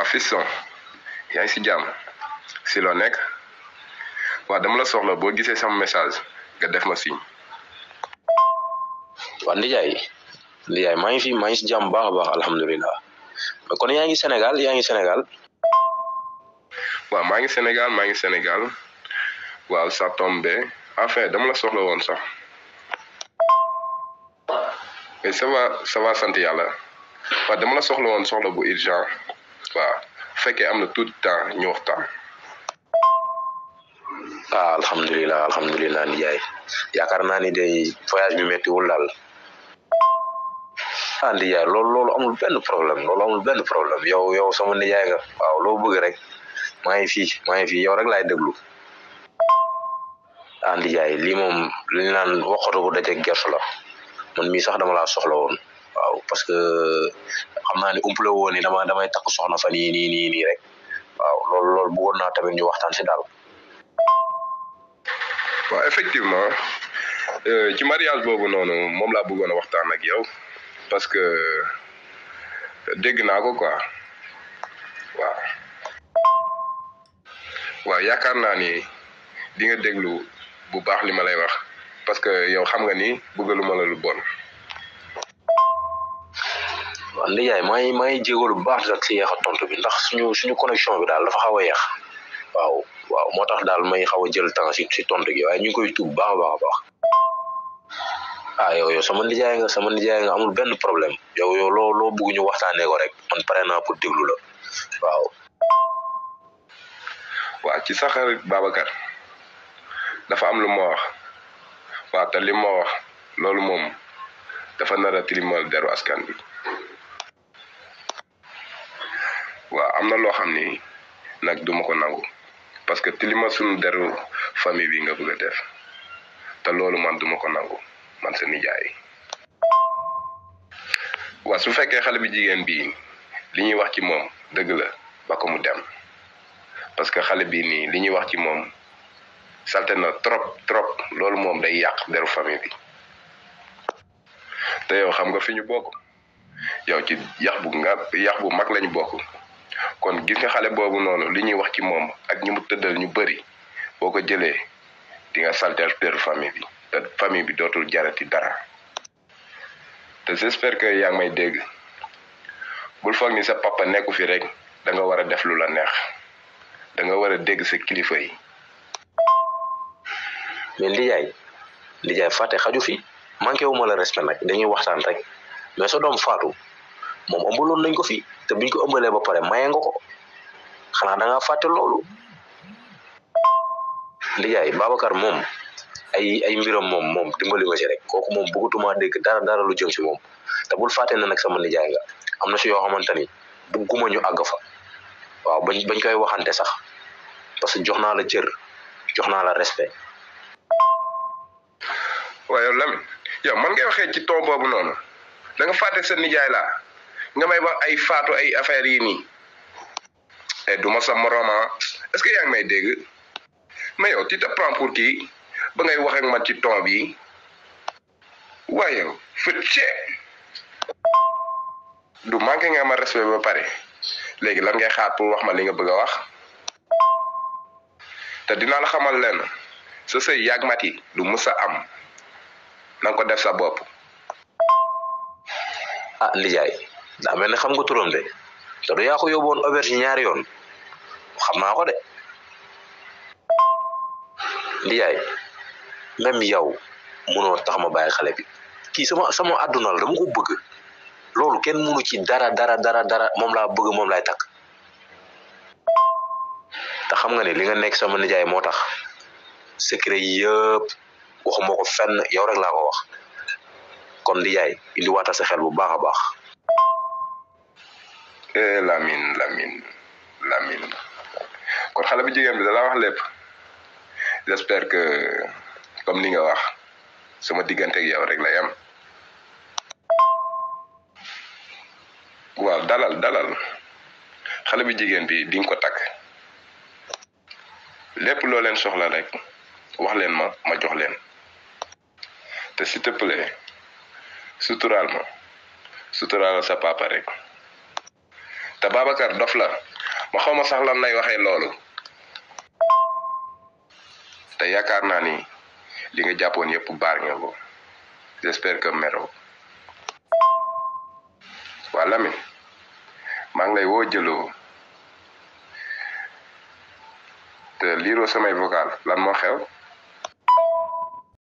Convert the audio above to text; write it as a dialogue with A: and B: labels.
A: waaw fii son yaa ngi si jàmm si loo nekk waaw dama la soxla boo gisee sama message nga def ma signe.
B: waa Ndiaye Ndiaye maa ngi fi maa ngi si jàmm baax a baax alhamdulilah kon yaa ngi Sénégal yaa ngi Sénégal. waaw maa ngi Sénégal maa ngi Sénégal
A: waaw ça tombe enfin dama la soxla woon sax. mais ça va ça va sant yàlla waaw dama la soxla woon soxla bu urgent. waaw bu am na tuuti temps ñu waxtaan.
B: ah alhamdulilah alhamdulilah Ndiaye yaakaar naa ni day voyage bi méttiwul daal. ah Ndiaye loolu loolu amul benn problème loolu amul benn problème yow yow sama Ndiaye nga waaw loo bëgg rek maa ngi fii maa ngi fii yow rek laay déglu. ah Ndiaye lii moom li ñu naan waxatu bu dajeeg gerte la man mii sax dama laa soxla woon. parce que xam naa ne umpale dama damay tak soxna fa ni ni ni rek waaw loolu loolu bu wonna tamen ñu waxtan ci dal
A: wa effectivement euh, ci mariage bobu nonu mom la bëggona a ak yow parce que dégg na ko quoi wa wa yakar na ni di nga déglu bu baax li ma lay wax parce que yow xam nga ni bëggaluma
B: la lu bon andi yaay may may jégalu bu baax nag si yeex a tontu bi ndax suñu suñu connexion bi daal dafa xaw a yeex waaw waaw moo tax daal may xaw a jël temps si si tontu gi waaye ñu ngi koy tuub baax a baax a baax ah yow yow sama nijaay nga sama nijaay nga amul benn problème yow yow loo loo bugg ñu waxtaanee ko rek man pare naa pour déglu la waaw. waa ci sa xarit
A: Babacar dafa am lu ma wax waa te li ma wax loolu moom dafa nar a tilimal deru askan bi. amna lo xamni nak duma ko nangu parce que tilima sunu deru famille bi nga bëgg def ta lolu man duma ko nangu man sa nijaay wa su fekke xale bi jigen bi li ñuy wax ci mom deug la ba ko mu dem parce que xale bi ni li ñuy wax ci mom salté na trop trop lolu mom day yaq deru famille bi te yow xam nga fiñu bokk yow ci yax bu nga yax bu mag lañu bokk kon gis nga xale boobu noonu li ñuy wax ci moom ak ñu mu tëddal ñu bëri boo ko jëlee di nga saltel teru famille bi te famille bi dootul jarati dara te j'espère que yaa may dégg bul foog ni sa papa nekku fi rek da nga war a def lu la neex da nga war a dégg sa kilifa yi
B: mais lijaay lijaay fàtte xaju fi manqué wu ma la respect nag dañuy waxtaan rek mais sa doom faatu Mom ambulon nañ ko fi te buñ ko ëmbalee ba paré maye nga ko xana da faté lolu li yaay babakar mom ay ay mbiram mom mom, dimbali ma ci rek koku mom bëggutuma dégg dara dara lu jëm ci mom te bul faté na nak sama jaay nga amna ci yo xamantani xamante ni ñu ag fa waaw bañ bañ koy waxante sax parce que joxna la cër joxna la respect. lam yow
A: man ngay ci ton bobu non da nga faté sa nijaay la nga may wax ay faatu ay affaire yi ni et duma sa moroma est ce que yang may deg mais yow oh, ti te prend pour qui ba ngay wax ak man ci ton bi waaye fëtce du manke nga ma respect ba pare léegi lan ngay xaar pour wax ma li nga bëgg wax te dina la xamal lenn sa sey yag mati du musa am nang ko def sa bop
B: ah lijay da nah, melni xam nga turam de da do ya ko yobon auberge ñaar yoon xam na ko de yaay même yow mëno tax ma baye xalé bi ki sama sama aduna la dama ko bëgg lolu kenn mënu ci dara dara dara dara momla la bëgg mom lay tak ta xam nga ne li nga nek sama nijaay moo tax secret yeb waxumako fenn yow rek la ko wax kon indi wata sa xel bu baaxa baax
A: eh lamin lamin lamin kon xale bu jigéen bi dala wax lépp j'espère que comme li nga wax sama diggante ak yow rek la yam waaw dalal dalal xale bu jigéen bi di ko takk lépp loo leen soxla rek wax leen ma ma jox leen te s'il te plaît sutural ma sa papa rek te babakar dof la ma xawma sax lan lay waxe lolu te yakar na ni li nga jàppoon yep bar nga ko j'espère que mero wala mi ma ngi lay woo te liro samay vocal lan mo xew